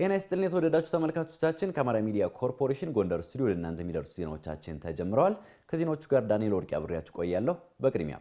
ጤና ይስጥልን የተወደዳችሁ ተመልካቾቻችን፣ ከአማራ ሚዲያ ኮርፖሬሽን ጎንደር ስቱዲዮ ለእናንተ የሚደርሱ ዜናዎቻችን ተጀምረዋል። ከዜናዎቹ ጋር ዳንኤል ወርቅ አብሬያችሁ ቆያለሁ። በቅድሚያ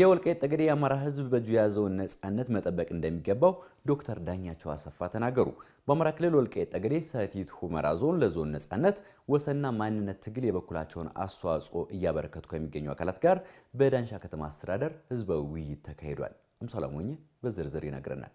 የወልቃይት ጠገዴ የአማራ ሕዝብ በእጁ የያዘውን ነፃነት መጠበቅ እንደሚገባው ዶክተር ዳኛቸው አሰፋ ተናገሩ። በአማራ ክልል ወልቃይት ጠገዴ ሰቲት ሁመራ ዞን ለዞን ነፃነት ወሰንና ማንነት ትግል የበኩላቸውን አስተዋጽኦ እያበረከቱ ከሚገኙ አካላት ጋር በዳንሻ ከተማ አስተዳደር ህዝባዊ ውይይት ተካሂዷል። አምሳላ በዝርዝር ይነግረናል።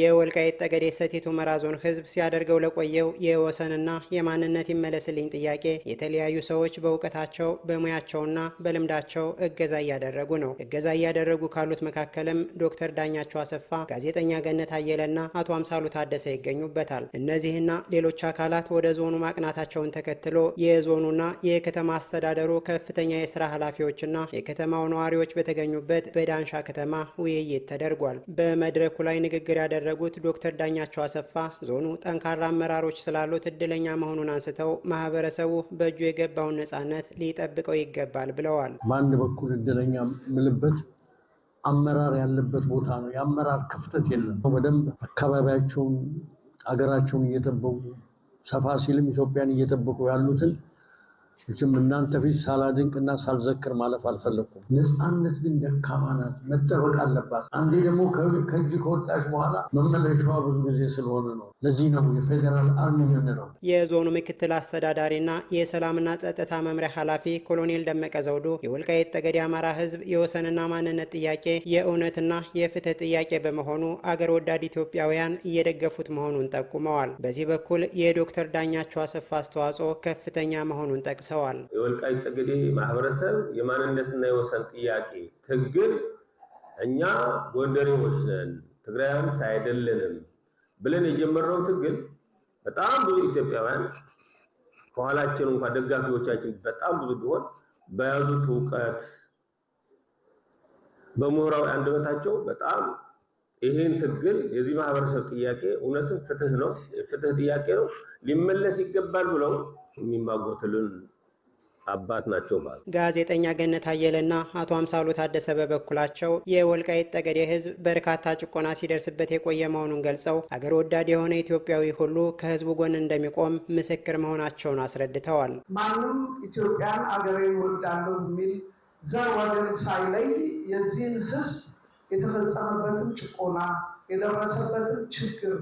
የወልቃይት ጠገዴ ሰቲት ሁመራ ዞን ሕዝብ ሲያደርገው ለቆየው የወሰንና የማንነት ይመለስልኝ ጥያቄ የተለያዩ ሰዎች በእውቀታቸው በሙያቸውና በልምዳቸው እገዛ እያደረጉ ነው። እገዛ እያደረጉ ካሉት መካከልም ዶክተር ዳኛቸው አሰፋ፣ ጋዜጠኛ ገነት አየለና አቶ አምሳሉ ታደሰ ይገኙበታል። እነዚህና ሌሎች አካላት ወደ ዞኑ ማቅናታቸውን ተከትሎ የዞኑና የከተማ አስተዳደሩ ከፍተኛ የስራ ኃላፊዎችና የከተማው ነዋሪዎች በተገኙበት በዳንሻ ከተማ ውይይት ተደርጓል። በመድረኩ ላይ ንግግር ያደረጉት ዶክተር ዳኛቸው አሰፋ ዞኑ ጠንካራ አመራሮች ስላሉት እድለኛ መሆኑን አንስተው ማህበረሰቡ በእጁ የገባውን ነፃነት ሊጠብቀው ይገባል ብለዋል። በአንድ በኩል እድለኛ ምልበት አመራር ያለበት ቦታ ነው። የአመራር ክፍተት የለም። በደንብ አካባቢያቸውን አገራቸውን እየጠበቁ ሰፋ ሲልም ኢትዮጵያን እየጠበቁ ያሉትን መቼም እናንተ ፊት ሳላድንቅና ሳልዘክር ማለፍ አልፈለግኩም። ነፃነት ግን ደካማ ናት፣ መጠበቅ አለባት። አንዴ ደግሞ ከእጅ ከወጣች በኋላ መመለሻዋ ብዙ ጊዜ ስለሆነ ነው። ለዚህ ነው የፌዴራል አርሚ የምንለው። የዞኑ ምክትል አስተዳዳሪና የሰላምና ጸጥታ መምሪያ ኃላፊ ኮሎኔል ደመቀ ዘውዱ የወልቃይት ጠገዴ አማራ ሕዝብ የወሰንና ማንነት ጥያቄ የእውነትና የፍትህ ጥያቄ በመሆኑ አገር ወዳድ ኢትዮጵያውያን እየደገፉት መሆኑን ጠቁመዋል። በዚህ በኩል የዶክተር ዳኛቸው አሰፋ አስተዋጽኦ ከፍተኛ መሆኑን ጠቅሰው ጠቅሰዋል። የወልቃይት ጠገዴ ማህበረሰብ የማንነትና የወሰን ጥያቄ ትግል እኛ ጎንደሬዎች ነን ትግራያንስ አይደለንም ብለን የጀመርነው ትግል በጣም ብዙ ኢትዮጵያውያን ከኋላችን እንኳን ደጋፊዎቻችን በጣም ብዙ ቢሆን በያዙት እውቀት በምሁራዊ አንደበታቸው በጣም ይህን ትግል የዚህ ማህበረሰብ ጥያቄ እውነትም ፍትህ ነው፣ ፍትህ ጥያቄ ነው፣ ሊመለስ ይገባል ብለው የሚማጎትልን አባት ናቸው ማለት ጋዜጠኛ ገነት አየለና አቶ አምሳሉ ታደሰ በበኩላቸው የወልቃይት ጠገዴ ሕዝብ በርካታ ጭቆና ሲደርስበት የቆየ መሆኑን ገልጸው አገር ወዳድ የሆነ ኢትዮጵያዊ ሁሉ ከህዝቡ ጎን እንደሚቆም ምስክር መሆናቸውን አስረድተዋል። ማንም ኢትዮጵያን አገሬ ወዳለሁ የሚል ዘር ወገን ሳይለይ የዚህን ህዝብ የተፈጸመበትን ጭቆና የደረሰበትን ችግር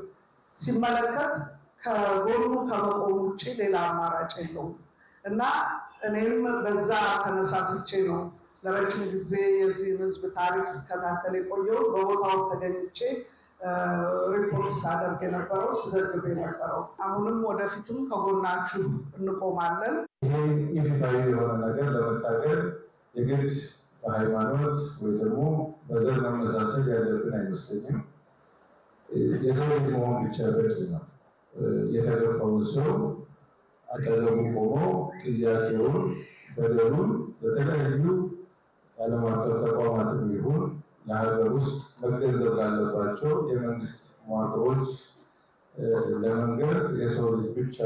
ሲመለከት ከጎኑ ከመቆም ውጭ ሌላ አማራጭ የለውም እና እኔም በዛ ተነሳስቼ ነው ለረጅም ጊዜ የዚህን ህዝብ ታሪክ ስከታተል የቆየው በቦታው ተገኝቼ ሪፖርት ሳደርግ የነበረው ስዘግብ የነበረው አሁንም ወደፊትም ከጎናችሁ እንቆማለን። ይሄ ኢፍትሐዊ የሆነ ነገር ለመታገል የግድ በሃይማኖት ወይ ደግሞ በዘር መመሳሰል ያለብን አይመስለኝም። የሰው ልጅ መሆን ብቻ በቂ ነው። የተገፋውን ሰው አጠገቡ ቆመው ጥያቄውን በደሉን በተለያዩ ዓለም አቀፍ ተቋማትም ይሁን ለሀገር ውስጥ መገንዘብ ላለባቸው የመንግስት መዋቅሮች ለመንገድ የሰው ልጅ ብቻ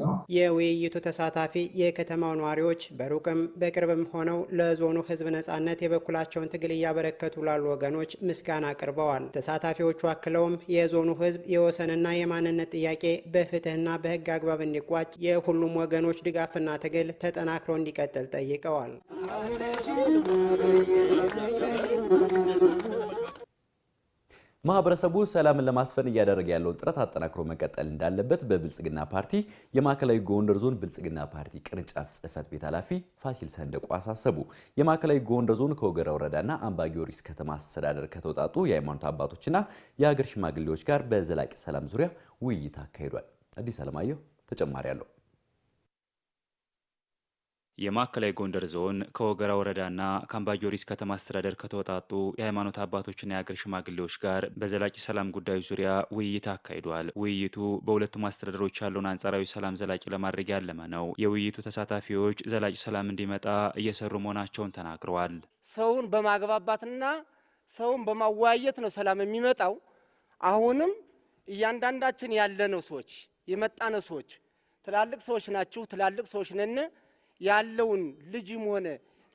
ነው። የውይይቱ ተሳታፊ የከተማው ነዋሪዎች በሩቅም በቅርብም ሆነው ለዞኑ ሕዝብ ነጻነት የበኩላቸውን ትግል እያበረከቱ ላሉ ወገኖች ምስጋና አቅርበዋል። ተሳታፊዎቹ አክለውም የዞኑ ሕዝብ የወሰንና የማንነት ጥያቄ በፍትህና በህግ አግባብ እንዲቋጭ የሁሉም ወገኖች ድጋፍና ትግል ተጠናክሮ እንዲቀጥል ጠይቀዋል። ማህበረሰቡ ሰላምን ለማስፈን እያደረገ ያለውን ጥረት አጠናክሮ መቀጠል እንዳለበት በብልጽግና ፓርቲ የማዕከላዊ ጎንደር ዞን ብልጽግና ፓርቲ ቅርንጫፍ ጽህፈት ቤት ኃላፊ ፋሲል ሰንደቁ አሳሰቡ። የማዕከላዊ ጎንደር ዞን ከወገረ ወረዳና አምባ ጊዮርጊስ ከተማ አስተዳደር ከተውጣጡ የሃይማኖት አባቶችና የሀገር ሽማግሌዎች ጋር በዘላቂ ሰላም ዙሪያ ውይይት አካሂዷል። አዲስ አለማየሁ ተጨማሪ አለው። የማዕከላዊ ጎንደር ዞን ከወገራ ወረዳና ከአምባጊዮርጊስ ከተማ አስተዳደር ከተወጣጡ የሃይማኖት አባቶችና የአገር ሽማግሌዎች ጋር በዘላቂ ሰላም ጉዳዮች ዙሪያ ውይይት አካሂዷል። ውይይቱ በሁለቱም አስተዳደሮች ያለውን አንጻራዊ ሰላም ዘላቂ ለማድረግ ያለመ ነው። የውይይቱ ተሳታፊዎች ዘላቂ ሰላም እንዲመጣ እየሰሩ መሆናቸውን ተናግረዋል። ሰውን በማግባባትና ሰውን በማወያየት ነው ሰላም የሚመጣው። አሁንም እያንዳንዳችን ያለነው ሰዎች የመጣነው ሰዎች ትላልቅ ሰዎች ናችሁ፣ ትላልቅ ሰዎች ነን ያለውን ልጅም ሆነ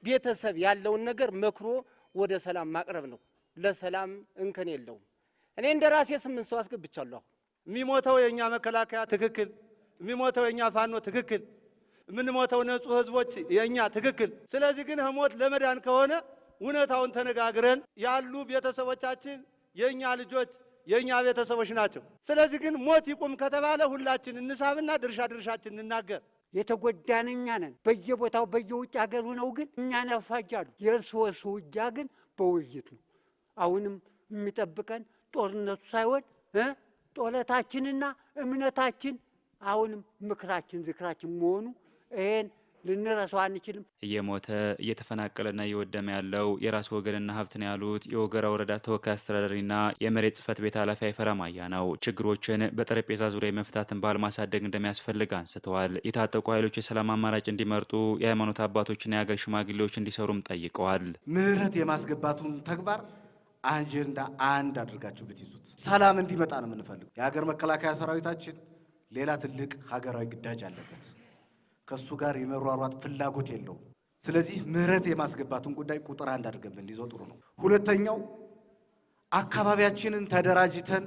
ቤተሰብ ያለውን ነገር መክሮ ወደ ሰላም ማቅረብ ነው። ለሰላም እንከን የለውም። እኔ እንደ ራሴ ስምንት ሰው አስገብቻለሁ። አሁን የሚሞተው የእኛ መከላከያ ትክክል፣ የሚሞተው የእኛ ፋኖ ትክክል፣ የምንሞተው ንጹህ ህዝቦች የእኛ ትክክል። ስለዚህ ግን ህሞት ለመዳን ከሆነ እውነታውን ተነጋግረን ያሉ ቤተሰቦቻችን የእኛ ልጆች የእኛ ቤተሰቦች ናቸው። ስለዚህ ግን ሞት ይቁም ከተባለ ሁላችን እንሳብና ድርሻ ድርሻችን እንናገር። የተጎዳን እኛ ነን። በየቦታው በየውጭ ሀገር ሆነው ግን እኛን ያፋጃሉ። የእርስ ውጊያ ግን በውይይት ነው። አሁንም የሚጠብቀን ጦርነቱ ሳይሆን ጦለታችንና እምነታችን አሁንም ምክራችን፣ ዝክራችን መሆኑ ይሄን ልንረሳው አንችልም። እየሞተ እየተፈናቀለና እየወደመ ያለው የራስ ወገንና ሀብት ነው ያሉት የወገራ ወረዳ ተወካይ አስተዳዳሪና የመሬት ጽህፈት ቤት ኃላፊ አይፈራማያ ነው። ችግሮችን በጠረጴዛ ዙሪያ የመፍታትን ባህል ማሳደግ እንደሚያስፈልግ አንስተዋል። የታጠቁ ኃይሎች የሰላም አማራጭ እንዲመርጡ የሃይማኖት አባቶችና የሀገር ሽማግሌዎች እንዲሰሩም ጠይቀዋል። ምህረት የማስገባቱን ተግባር አጀንዳ አንድ አድርጋችሁ ብትይዙት ሰላም እንዲመጣ ነው የምንፈልገው። የሀገር መከላከያ ሰራዊታችን ሌላ ትልቅ ሀገራዊ ግዳጅ አለበት። ከእሱ ጋር የመሯሯጥ ፍላጎት የለውም። ስለዚህ ምህረት የማስገባትን ጉዳይ ቁጥር አንድ አድርገን ብንይዘው ጥሩ ነው። ሁለተኛው አካባቢያችንን ተደራጅተን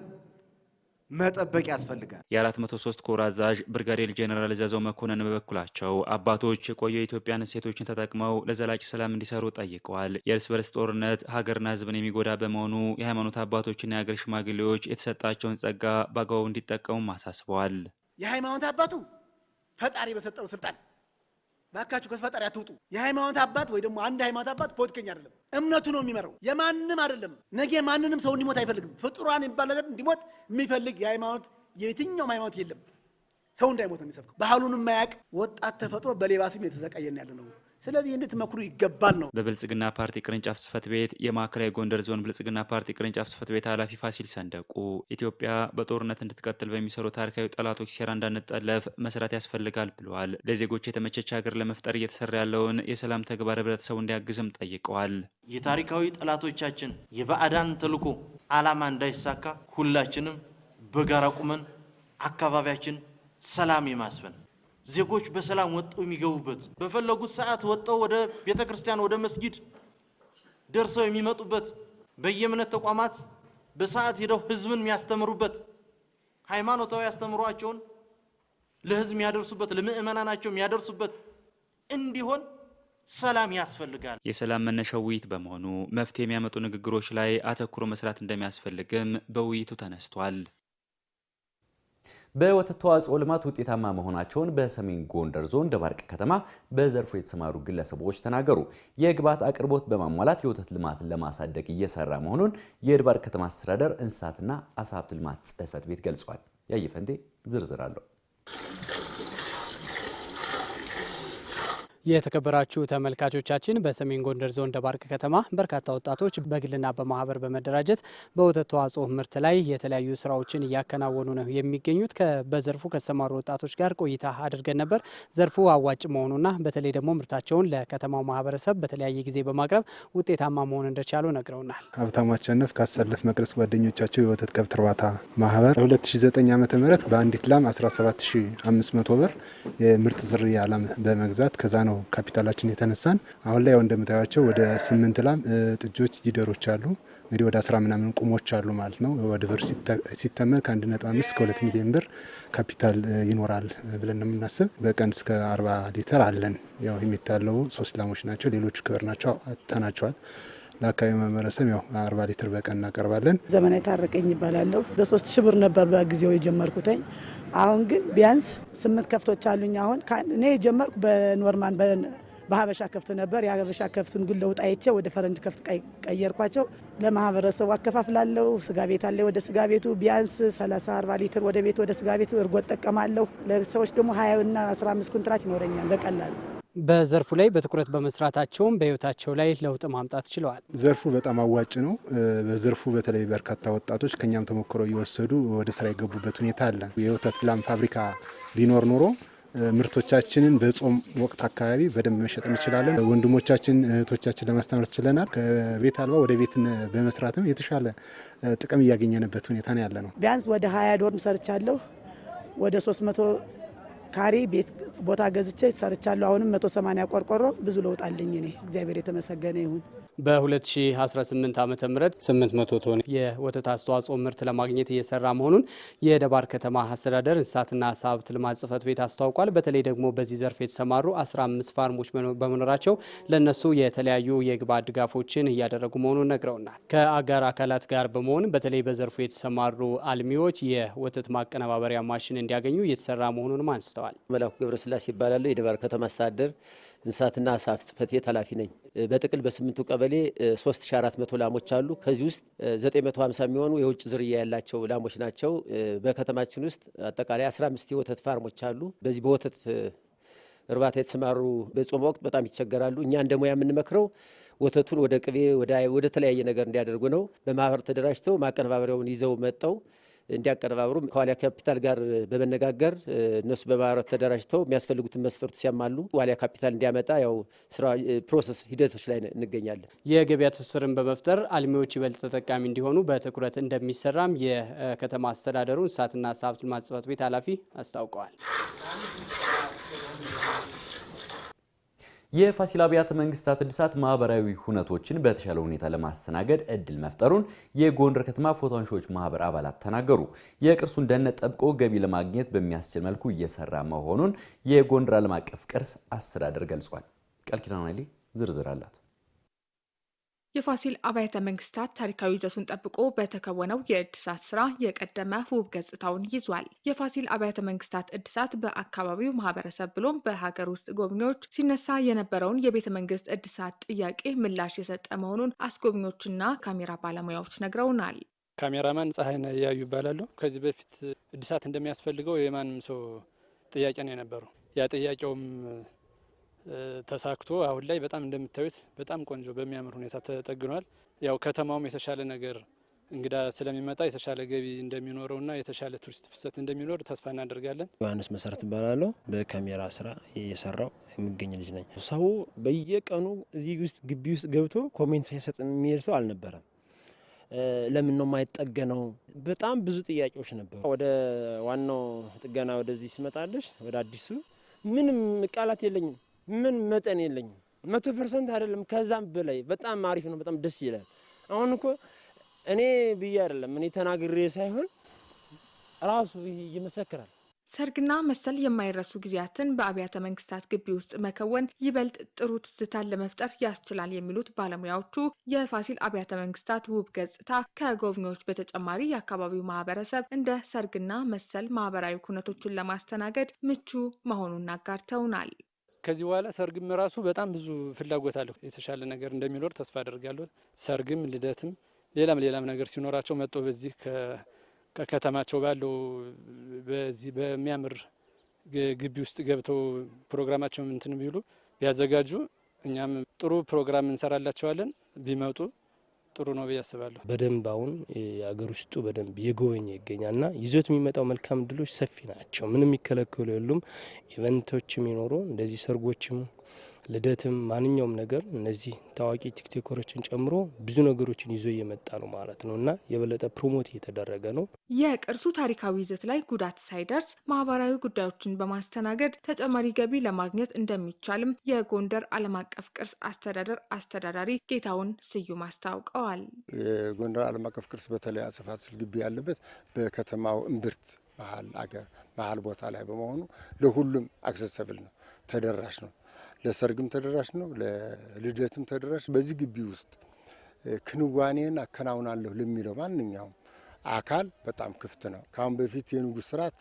መጠበቅ ያስፈልጋል። የአራት መቶ ሶስት ኮር አዛዥ ብርጋዴር ጄኔራል ዘዘው መኮንን በበኩላቸው አባቶች የቆዩ የኢትዮጵያን እሴቶችን ተጠቅመው ለዘላቂ ሰላም እንዲሰሩ ጠይቀዋል። የእርስ በርስ ጦርነት ሀገርና ሕዝብን የሚጎዳ በመሆኑ የሃይማኖት አባቶችና የሀገር ሽማግሌዎች የተሰጣቸውን ጸጋ በአግባቡ እንዲጠቀሙም አሳስበዋል። የሃይማኖት አባቱ ፈጣሪ በሰጠው ስልጣን ባካችሁ ከፈጣሪ አትውጡ። የሃይማኖት አባት ወይ ደግሞ አንድ ሃይማኖት አባት ፖለቲከኛ አይደለም፣ እምነቱ ነው የሚመራው፣ የማንም አይደለም። ነገ ማንንም ሰው እንዲሞት አይፈልግም። ፍጡሯን የሚባል ነገር እንዲሞት የሚፈልግ የሃይማኖት የትኛውም ሃይማኖት የለም። ሰው እንዳይሞት ነው የሚሰብከው። ባህሉን የማያውቅ ወጣት ተፈጥሮ በሌባ ስም የተሰቃየን ያለ ነው። ስለዚህ እንድትመክሩ ይገባል ነው። በብልጽግና ፓርቲ ቅርንጫፍ ጽህፈት ቤት የማዕከላዊ ጎንደር ዞን ብልጽግና ፓርቲ ቅርንጫፍ ጽህፈት ቤት ኃላፊ ፋሲል ሰንደቁ ኢትዮጵያ በጦርነት እንድትቀጥል በሚሰሩ ታሪካዊ ጠላቶች ሴራ እንዳንጠለፍ መስራት ያስፈልጋል ብለዋል። ለዜጎች የተመቸች ሀገር ለመፍጠር እየተሰራ ያለውን የሰላም ተግባር ህብረተሰቡ እንዲያግዝም ጠይቀዋል። የታሪካዊ ጠላቶቻችን የባዕዳን ተልዕኮ ዓላማ እንዳይሳካ ሁላችንም በጋራ ቁመን አካባቢያችን ሰላም የማስፈን ዜጎች በሰላም ወጥተው የሚገቡበት በፈለጉት ሰዓት ወጥተው ወደ ቤተ ክርስቲያን ወደ መስጊድ ደርሰው የሚመጡበት በየእምነት ተቋማት በሰዓት ሄደው ህዝብን የሚያስተምሩበት ሃይማኖታዊ ያስተምሯቸውን ለህዝብ የሚያደርሱበት ለምእመናናቸው የሚያደርሱበት እንዲሆን ሰላም ያስፈልጋል። የሰላም መነሻው ውይይት በመሆኑ መፍትሄ የሚያመጡ ንግግሮች ላይ አተኩሮ መስራት እንደሚያስፈልግም በውይይቱ ተነስቷል። በወተት ተዋጽኦ ልማት ውጤታማ መሆናቸውን በሰሜን ጎንደር ዞን ደባርቅ ከተማ በዘርፉ የተሰማሩ ግለሰቦች ተናገሩ። የግብዓት አቅርቦት በማሟላት የወተት ልማትን ለማሳደግ እየሰራ መሆኑን የደባርቅ ከተማ አስተዳደር እንስሳትና አሳ ሀብት ልማት ጽሕፈት ቤት ገልጿል። ያየፈንቴ ዝርዝር አለው። የተከበራችሁ ተመልካቾቻችን በሰሜን ጎንደር ዞን ደባርቅ ከተማ በርካታ ወጣቶች በግልና በማህበር በመደራጀት በወተት ተዋጽኦ ምርት ላይ የተለያዩ ስራዎችን እያከናወኑ ነው የሚገኙት። በዘርፉ ከተሰማሩ ወጣቶች ጋር ቆይታ አድርገን ነበር። ዘርፉ አዋጭ መሆኑና በተለይ ደግሞ ምርታቸውን ለከተማው ማህበረሰብ በተለያየ ጊዜ በማቅረብ ውጤታማ መሆን እንደቻሉ ነግረውናል። ሀብታሙ አሸነፍ ካሰለፍ መቅረጽ ጓደኞቻቸው የወተት ከብት እርባታ ማህበር በ2009 ዓ ም በአንዲት ላም 17500 ብር የምርት ዝርያ ላም በመግዛት ከዛ ነው ነው ካፒታላችን የተነሳን። አሁን ላይ እንደምታያቸው ወደ ስምንት ላም ጥጆች ጊደሮች አሉ። እንግዲህ ወደ አስራ ምናምን ቁሞች አሉ ማለት ነው። ወደ ብር ሲተመን ከአንድ ነጥብ አምስት እስከ ሁለት ሚሊዮን ብር ካፒታል ይኖራል ብለን ነው የምናስብ። በቀን እስከ አርባ ሊተር አለን። ያው የሚታለው ሶስት ላሞች ናቸው። ሌሎቹ ክብር ናቸው አጥተናቸዋል። ለአካባቢ ማህበረሰብ ያው አርባ ሊትር በቀን እናቀርባለን። ዘመናዊ ታረቀኝ ይባላለሁ። በሶስት ሺህ ብር ነበር በጊዜው የጀመርኩትኝ። አሁን ግን ቢያንስ ስምንት ከፍቶች አሉኝ። አሁን እኔ የጀመርኩ በኖርማን በሀበሻ ከፍት ነበር። የሀበሻ ከፍቱን ግን ለውጥ አይቼ ወደ ፈረንጅ ከፍት ቀየርኳቸው። ለማህበረሰቡ አከፋፍላለሁ። ስጋ ቤት አለ። ወደ ስጋ ቤቱ ቢያንስ 30 40 ሊትር ወደ ቤት ወደ ስጋ ቤት እርጎ እጠቀማለሁ። ለሰዎች ደግሞ 20ና 15 ኩንትራት ይኖረኛል በቀላሉ በዘርፉ ላይ በትኩረት በመስራታቸውም በህይወታቸው ላይ ለውጥ ማምጣት ችለዋል። ዘርፉ በጣም አዋጭ ነው። በዘርፉ በተለይ በርካታ ወጣቶች ከኛም ተሞክሮ እየወሰዱ ወደ ስራ የገቡበት ሁኔታ አለ። የወተት ላም ፋብሪካ ቢኖር ኖሮ ምርቶቻችንን በጾም ወቅት አካባቢ በደንብ መሸጥ እንችላለን። ወንድሞቻችን እህቶቻችን ለማስተማር ችለናል። ከቤት አልባ ወደ ቤት በመስራትም የተሻለ ጥቅም እያገኘንበት ሁኔታ ነው ያለ ነው። ቢያንስ ወደ ሀያ ዶርም ሰርቻለሁ ወደ ሶስት መቶ ካሬ ቤት ቦታ ገዝቼ ሰርቻለሁ። አሁንም 180 ቆርቆሮ ብዙ ለውጥ አለኝ እኔ እግዚአብሔር የተመሰገነ ይሁን። በ2018 ዓ ም 800 ቶን የወተት አስተዋጽኦ ምርት ለማግኘት እየሰራ መሆኑን የደባር ከተማ አስተዳደር እንስሳትና ዓሳ ሀብት ልማት ጽሕፈት ቤት አስታውቋል። በተለይ ደግሞ በዚህ ዘርፍ የተሰማሩ 15 ፋርሞች በመኖራቸው ለእነሱ የተለያዩ የግብዓት ድጋፎችን እያደረጉ መሆኑን ነግረውናል። ከአጋር አካላት ጋር በመሆን በተለይ በዘርፉ የተሰማሩ አልሚዎች የወተት ማቀነባበሪያ ማሽን እንዲያገኙ እየተሰራ መሆኑንም አንስተዋል። መላኩ ገብረስላሴ ይባላሉ። የደባር ከተማ አስተዳደር እንስሳትና አሳፍ ጽሕፈት ቤት ኃላፊ ነኝ። በጥቅል በስምንቱ ቀበሌ 3400 ላሞች አሉ። ከዚህ ውስጥ 950 የሚሆኑ የውጭ ዝርያ ያላቸው ላሞች ናቸው። በከተማችን ውስጥ አጠቃላይ 15 የወተት ፋርሞች አሉ። በዚህ በወተት እርባታ የተሰማሩ በጾም ወቅት በጣም ይቸገራሉ። እኛ እንደ ሙያ የምንመክረው ወተቱን ወደ ቅቤ ወደ ተለያየ ነገር እንዲያደርጉ ነው። በማህበር ተደራጅተው ማቀነባበሪያውን ይዘው መጠው እንዲያቀነባብሩ ከዋሊያ ካፒታል ጋር በመነጋገር እነሱ በማህበራት ተደራጅተው የሚያስፈልጉትን መስፈርት ሲያማሉ ዋሊያ ካፒታል እንዲያመጣ ያው ስራ ፕሮሰስ ሂደቶች ላይ እንገኛለን። የገበያ ትስስርን በመፍጠር አልሚዎች ይበልጥ ተጠቃሚ እንዲሆኑ በትኩረት እንደሚሰራም የከተማ አስተዳደሩ እንስሳትና ሀብት ልማት ጽሕፈት ቤት ኃላፊ አስታውቀዋል። የፋሲል አብያተ መንግስታት እድሳት ማህበራዊ ሁነቶችን በተሻለ ሁኔታ ለማስተናገድ እድል መፍጠሩን የጎንደር ከተማ ፎቶ አንሺዎች ማህበር አባላት ተናገሩ። የቅርሱን ደህንነት ጠብቆ ገቢ ለማግኘት በሚያስችል መልኩ እየሰራ መሆኑን የጎንደር ዓለም አቀፍ ቅርስ አስተዳደር ገልጿል። ቃል ኪዳን ዝርዝር አላት። የፋሲል አብያተ መንግስታት ታሪካዊ ይዘቱን ጠብቆ በተከወነው የእድሳት ስራ የቀደመ ውብ ገጽታውን ይዟል። የፋሲል አብያተ መንግስታት እድሳት በአካባቢው ማህበረሰብ ብሎም በሀገር ውስጥ ጎብኚዎች ሲነሳ የነበረውን የቤተ መንግስት እድሳት ጥያቄ ምላሽ የሰጠ መሆኑን አስጎብኚዎችና ካሜራ ባለሙያዎች ነግረውናል። ካሜራማን ፀሐይነ እያዩ ይባላሉ። ከዚህ በፊት እድሳት እንደሚያስፈልገው የማንም ሰው ጥያቄ ነው የነበረው። ያ ጥያቄውም ተሳክቶ አሁን ላይ በጣም እንደምታዩት በጣም ቆንጆ በሚያምር ሁኔታ ተጠግኗል። ያው ከተማውም የተሻለ ነገር እንግዳ ስለሚመጣ የተሻለ ገቢ እንደሚኖረውና የተሻለ ቱሪስት ፍሰት እንደሚኖር ተስፋ እናደርጋለን። ዮሐንስ መሰረት እባላለሁ። በካሜራ ስራ የሰራው የሚገኝ ልጅ ነኝ። ሰው በየቀኑ እዚህ ውስጥ ግቢ ውስጥ ገብቶ ኮሜንት ሳይሰጥ የሚሄድ ሰው አልነበረም። ለምን ነው የማይጠገነው? በጣም ብዙ ጥያቄዎች ነበሩ። ወደ ዋናው ጥገና ወደዚህ ስመጣለች ወደ አዲሱ ምንም ቃላት የለኝም ምን መጠን የለኝም። መቶ ፐርሰንት አይደለም ከዛም በላይ በጣም አሪፍ ነው። በጣም ደስ ይላል። አሁን እኮ እኔ ብዬ አይደለም እኔ ተናግሬ ሳይሆን ራሱ ይመሰክራል። ሰርግና መሰል የማይረሱ ጊዜያትን በአብያተ መንግስታት ግቢ ውስጥ መከወን ይበልጥ ጥሩ ትዝታን ለመፍጠር ያስችላል የሚሉት ባለሙያዎቹ የፋሲል አብያተ መንግስታት ውብ ገጽታ ከጎብኚዎች በተጨማሪ የአካባቢው ማህበረሰብ እንደ ሰርግና መሰል ማህበራዊ ኩነቶችን ለማስተናገድ ምቹ መሆኑን አጋርተውናል። ከዚህ በኋላ ሰርግም ራሱ በጣም ብዙ ፍላጎት አለሁ። የተሻለ ነገር እንደሚኖር ተስፋ አደርጋለሁ። ሰርግም፣ ልደትም፣ ሌላም ሌላም ነገር ሲኖራቸው መጦ በዚህ ከከተማቸው ባለው በዚህ በሚያምር ግቢ ውስጥ ገብተው ፕሮግራማቸው እንትን ቢሉ ቢያዘጋጁ እኛም ጥሩ ፕሮግራም እንሰራላቸዋለን ቢመጡ ጥሩ ነው ብዬ አስባለሁ። በደንብ አሁን የአገር ውስጡ በደንብ የጎበኘ ይገኛል ና ይዞት የሚመጣው መልካም ድሎች ሰፊ ናቸው። ምንም የሚከለክሉ የሉም። ኢቨንቶችም ይኖሩ እንደዚህ ሰርጎችም ልደትም ማንኛውም ነገር እነዚህ ታዋቂ ቲክቶከሮችን ጨምሮ ብዙ ነገሮችን ይዞ እየመጣ ነው ማለት ነው እና የበለጠ ፕሮሞት እየተደረገ ነው። የቅርሱ ታሪካዊ ይዘት ላይ ጉዳት ሳይደርስ ማህበራዊ ጉዳዮችን በማስተናገድ ተጨማሪ ገቢ ለማግኘት እንደሚቻልም የጎንደር ዓለም አቀፍ ቅርስ አስተዳደር አስተዳዳሪ ጌታውን ስዩም አስታውቀዋል። የጎንደር ዓለም አቀፍ ቅርስ በተለይ አፄ ስል ግቢ ያለበት በከተማው እምብርት መሀል አገር መሀል ቦታ ላይ በመሆኑ ለሁሉም አክሰሰብል ነው፣ ተደራሽ ነው። ለሰርግም ተደራሽ ነው፣ ለልደትም ተደራሽ። በዚህ ግቢ ውስጥ ክንዋኔን አከናውናለሁ ለሚለው ማንኛውም አካል በጣም ክፍት ነው። ከአሁን በፊት የንጉሥ ስርዓት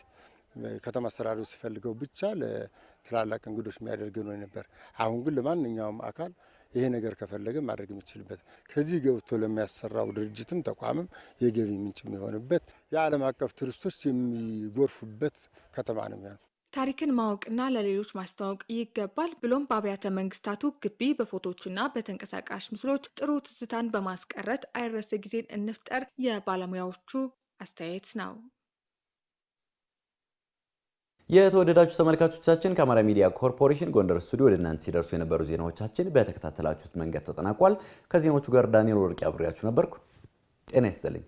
ከተማ አስተዳደሩ ሲፈልገው ብቻ ለትላላቅ እንግዶች የሚያደርግ ነው ነበር። አሁን ግን ለማንኛውም አካል ይሄ ነገር ከፈለገ ማድረግ የሚችልበት ከዚህ ገብቶ ለሚያሰራው ድርጅትም ተቋምም የገቢ ምንጭ የሚሆንበት የዓለም አቀፍ ቱሪስቶች የሚጎርፉበት ከተማ ነው የሚሆነው። ታሪክን ማወቅና ለሌሎች ማስተዋወቅ ይገባል። ብሎም በአብያተ መንግስታቱ ግቢ በፎቶዎችና በተንቀሳቃሽ ምስሎች ጥሩ ትዝታን በማስቀረት አይረሰ ጊዜን እንፍጠር የባለሙያዎቹ አስተያየት ነው። የተወደዳችሁ ተመልካቾቻችን ከአማራ ሚዲያ ኮርፖሬሽን ጎንደር ስቱዲዮ ወደ እናንተ ሲደርሱ የነበሩ ዜናዎቻችን በተከታተላችሁት መንገድ ተጠናቋል። ከዜናዎቹ ጋር ዳንኤል ወርቅ አብሬያችሁ ነበርኩ። ጤና ይስጥልኝ።